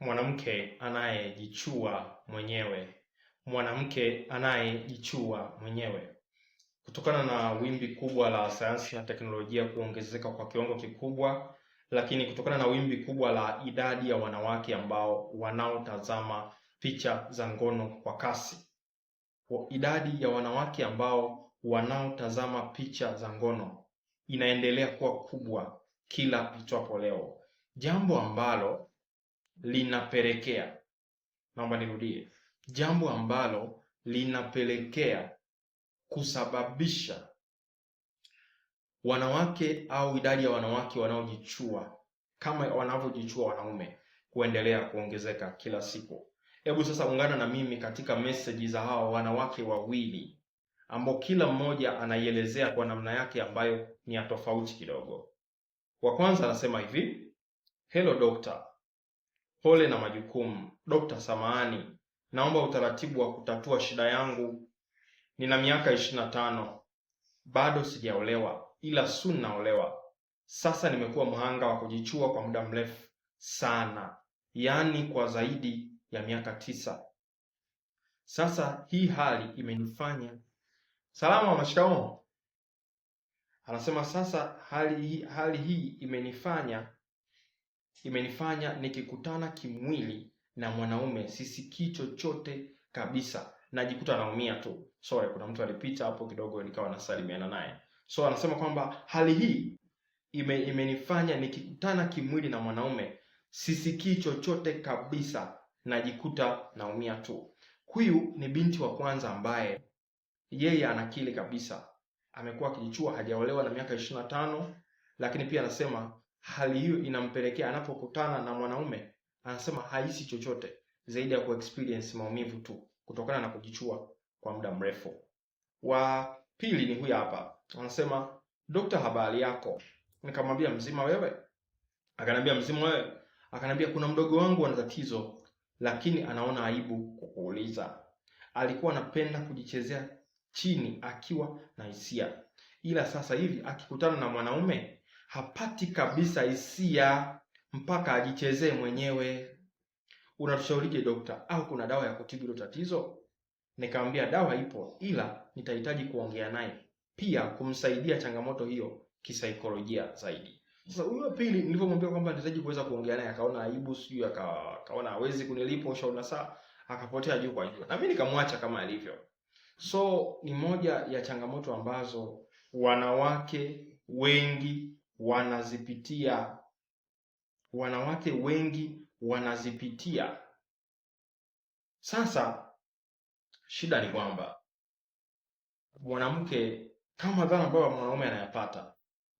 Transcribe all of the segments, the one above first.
mwanamke anayejichua mwenyewe, mwanamke anayejichua mwenyewe. Kutokana na wimbi kubwa la sayansi na teknolojia kuongezeka kwa kiwango kikubwa, lakini kutokana na wimbi kubwa la idadi ya wanawake ambao wanaotazama picha za ngono kwa kasi, idadi ya wanawake ambao wanaotazama picha za ngono inaendelea kuwa kubwa kila itwapo leo, jambo ambalo linapelekea, naomba nirudie, jambo ambalo linapelekea kusababisha wanawake au idadi ya wanawake wanaojichua kama wanavyojichua wanaume kuendelea kuongezeka kila siku. Hebu sasa ungana na mimi katika meseji za hawa wanawake wawili ambao kila mmoja anaielezea kwa namna yake ambayo ni ya tofauti kidogo. Wa kwanza anasema hivi: Hello doctor Pole na majukumu. Dokta, samahani, naomba utaratibu wa kutatua shida yangu. Nina miaka ishirini na tano, bado sijaolewa, ila soon naolewa. Sasa nimekuwa mhanga wa kujichua kwa muda mrefu sana, yaani kwa zaidi ya miaka tisa sasa. Hii hali imenifanya salama wa anasema sasa hali, hali hii imenifanya imenifanya nikikutana kimwili na mwanaume sisikii chochote kabisa, najikuta naumia tu. Sorry, kuna mtu alipita hapo kidogo, nikawa nasalimiana naye. So anasema kwamba hali hii ime, imenifanya nikikutana kimwili na mwanaume sisikii chochote kabisa, najikuta naumia tu. Huyu ni binti wa kwanza ambaye yeye anakili kabisa, amekuwa akijichua, hajaolewa na miaka ishirini na tano, lakini pia anasema hali hiyo inampelekea anapokutana na mwanaume anasema haisi chochote zaidi ya kuexperience maumivu tu kutokana na kujichua kwa muda mrefu. Wa pili ni huyu hapa, anasema dokta, habari yako? Nikamwambia mzima wewe? Akanambia mzima wewe. Akanambia kuna mdogo wangu ana tatizo, lakini anaona aibu kukuuliza. Alikuwa anapenda kujichezea chini akiwa na hisia, ila sasa hivi akikutana na mwanaume hapati kabisa hisia mpaka ajichezee mwenyewe. Unatushaurije dokta, au kuna dawa ya kutibu hilo tatizo? Nikamwambia dawa ipo, ila nitahitaji kuongea naye pia kumsaidia changamoto hiyo kisaikolojia zaidi. Sasa huyo wa pili nilipomwambia kwamba nitahitaji kuweza kuongea naye, akaona aibu, sijui akaona hawezi kunilipa ushauri na saa akapotea juu kwa juu, na mimi nikamwacha kama alivyo. So ni moja ya changamoto ambazo wanawake wengi wanazipitia, wanawake wengi wanazipitia. Sasa shida ni kwamba mwanamke kama dhana ambayo mwanaume anayapata,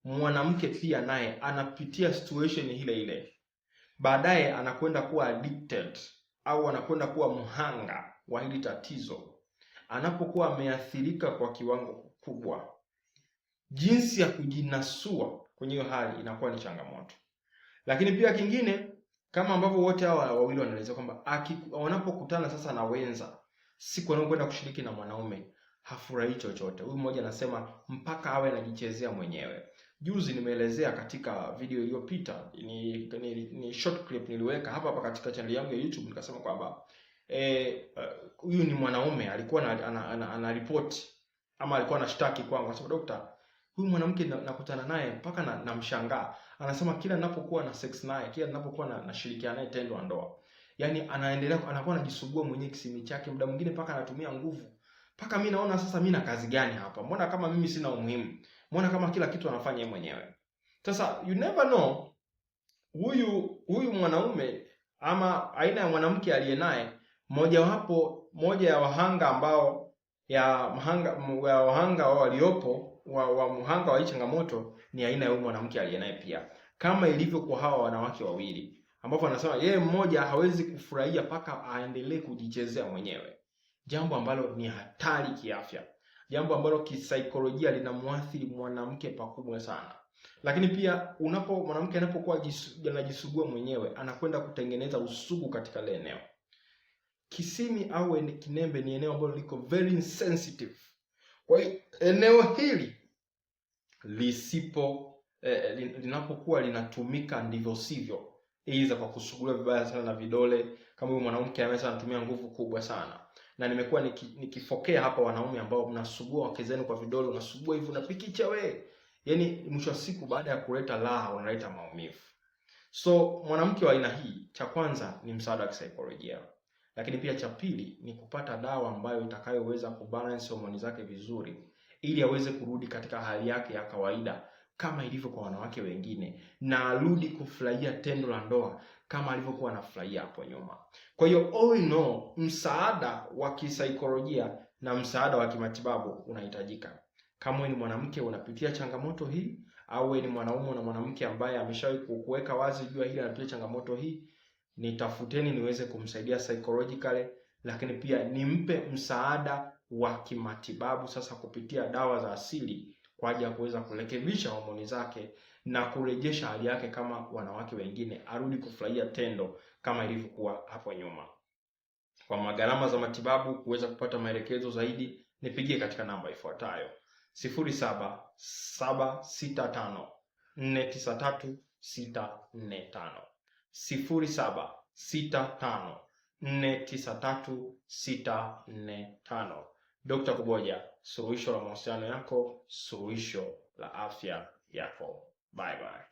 mwanamke pia naye anapitia situation ile ile, baadaye anakwenda kuwa addicted au anakwenda kuwa mhanga wa hili tatizo, anapokuwa ameathirika kwa kiwango kikubwa. Jinsi ya kujinasua kwenye hiyo hali inakuwa ni changamoto. Lakini pia kingine, kama ambavyo wote hawa wawili wanaeleza kwamba wanapokutana sasa na wenza, siku anayokwenda kushiriki na mwanaume hafurahi chochote. Huyu mmoja anasema mpaka awe anajichezea mwenyewe. Juzi nimeelezea katika video iliyopita, ni, ni, ni short clip niliweka hapa hapa katika channel yangu ya YouTube nikasema kwamba eh, eh, huyu e, uh, ni mwanaume alikuwa anaripoti ana, ana, ana ama alikuwa anashtaki kwangu, akasema dokta, huyu mwanamke nakutana na naye mpaka namshangaa na, Anasema kila ninapokuwa na sex naye, kila ninapokuwa na nashirikiana naye tendo la ndoa, yani anaendelea anakuwa anajisugua mwenyewe kisimi chake, muda mwingine mpaka anatumia nguvu. Mpaka mimi naona sasa, mimi na kazi gani hapa? Mbona kama mimi sina umuhimu? Mbona kama kila kitu anafanya yeye mwenyewe? Sasa you never know, huyu huyu mwanaume ama aina ya mwanamke aliye naye, mojawapo moja ya wahanga ambao ya mahanga ya wahanga waliopo wa, wa mhanga wa hii changamoto ni aina ya huyu mwanamke aliyenaye pia, kama ilivyo kwa hawa wanawake wawili, ambapo anasema yeye mmoja hawezi kufurahia mpaka aendelee kujichezea mwenyewe, jambo ambalo ni hatari kiafya, jambo ambalo kisaikolojia linamwathiri mwanamke pakubwa sana. Lakini pia unapo mwanamke anapokuwa anajisugua mwenyewe anakwenda kutengeneza usugu katika ile eneo. Kisimi au kinembe ni eneo ambalo liko very sensitive. Kwa hiyo eneo hili lisipo eh, eh linapokuwa linatumika ndivyo sivyo, iza kwa kusugulia vibaya sana na vidole. Kama huyu mwanamke amesa anatumia nguvu kubwa sana, na nimekuwa nikifokea hapa wanaume ambao mnasugua wake zenu kwa vidole, unasugua hivi unapikicha we, yani mwisho wa siku, baada ya kuleta raha unaleta maumivu. So mwanamke wa aina hii, cha kwanza ni msaada wa kisaikolojia, lakini pia cha pili ni kupata dawa ambayo itakayoweza kubalance homoni zake vizuri ili aweze kurudi katika hali yake ya kawaida kama ilivyo kwa wanawake wengine, na arudi kufurahia tendo la ndoa kama alivyokuwa anafurahia hapo nyuma. Kwa hiyo all in all, msaada wa kisaikolojia na msaada wa kimatibabu unahitajika. Kama wewe ni mwanamke unapitia changamoto hii, au wewe ni mwanaume na mwanamke ambaye ameshawahi kuweka wazi jua hili anapitia changamoto hii, nitafuteni niweze kumsaidia psychologically, lakini pia nimpe msaada wa kimatibabu sasa kupitia dawa za asili kwa ajili ya kuweza kurekebisha homoni zake na kurejesha hali yake kama wanawake wengine, arudi kufurahia tendo kama ilivyokuwa hapo nyuma. Kwa magharama za matibabu, kuweza kupata maelekezo zaidi, nipigie katika namba ifuatayo: sifuri sita tano nne tisa tatu sita nne tano. Dr. Kuboja, suluhisho la mahusiano yako, suluhisho la afya yako. Bye bye.